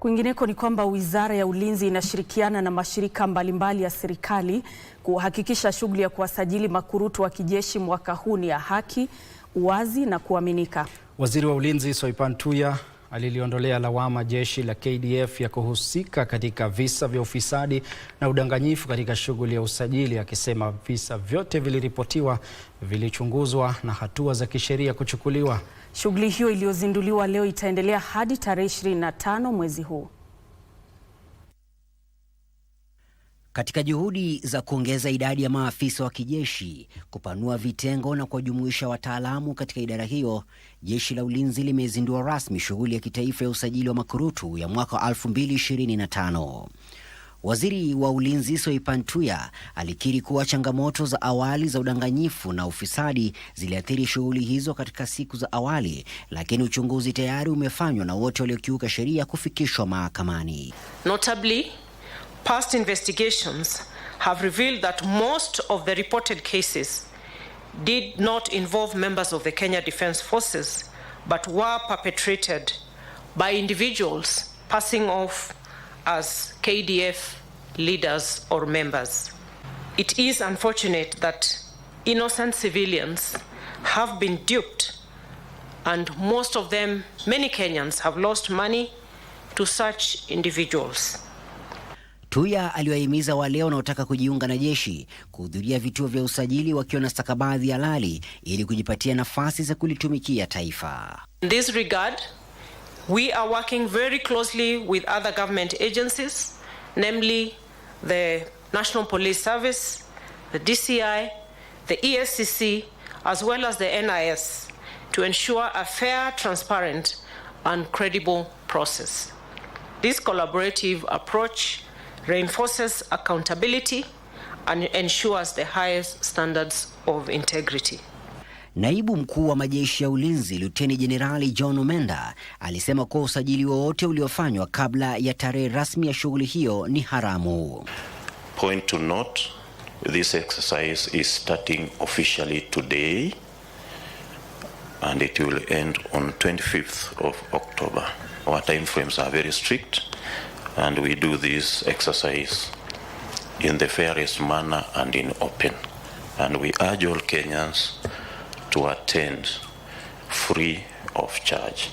Kwingineko ni kwamba Wizara ya Ulinzi inashirikiana na mashirika mbalimbali ya serikali kuhakikisha shughuli ya kuwasajili makurutu wa kijeshi mwaka huu ni ya haki, uwazi na kuaminika. Waziri wa Ulinzi Soipan Tuya aliliondolea lawama jeshi la KDF ya kuhusika katika visa vya ufisadi na udanganyifu katika shughuli ya usajili, akisema visa vyote viliripotiwa, vilichunguzwa na hatua za kisheria kuchukuliwa. Shughuli hiyo iliyozinduliwa leo itaendelea hadi tarehe 25 mwezi huu. Katika juhudi za kuongeza idadi ya maafisa wa kijeshi, kupanua vitengo na kuwajumuisha wataalamu katika idara hiyo, Jeshi la Ulinzi limezindua rasmi shughuli ya kitaifa ya usajili wa makurutu ya mwaka 2025. Waziri wa Ulinzi Soipan Tuya alikiri kuwa changamoto za awali za udanganyifu na ufisadi ziliathiri shughuli hizo katika siku za awali, lakini uchunguzi tayari umefanywa na wote waliokiuka sheria kufikishwa mahakamani. Notably, past investigations have revealed that most of the reported cases did not involve members of the Kenya Defence Forces but were perpetrated by individuals passing off as KDF leaders or members. It is unfortunate that innocent civilians have been duped and most of them, many Kenyans have lost money to such individuals. Tuya aliwahimiza wale wanaotaka kujiunga na jeshi kuhudhuria vituo vya usajili wakiwa na stakabadhi halali ili kujipatia nafasi za kulitumikia taifa. In this regard, We are working very closely with other government agencies, namely the National Police Service, the DCI, the ESCC, as well as the NIS, to ensure a fair, transparent, and credible process. This collaborative approach reinforces accountability and ensures the highest standards of integrity. Naibu mkuu wa majeshi ya ulinzi Luteni Jenerali John Umenda alisema kuwa usajili wowote uliofanywa kabla ya tarehe rasmi ya shughuli hiyo ni haramu. Point to note, this exercise is starting officially today and it will end on 25th of October. Our time frames are very strict and we do this exercise in the fairest manner and in open and we urge all Kenyans to attend free of charge.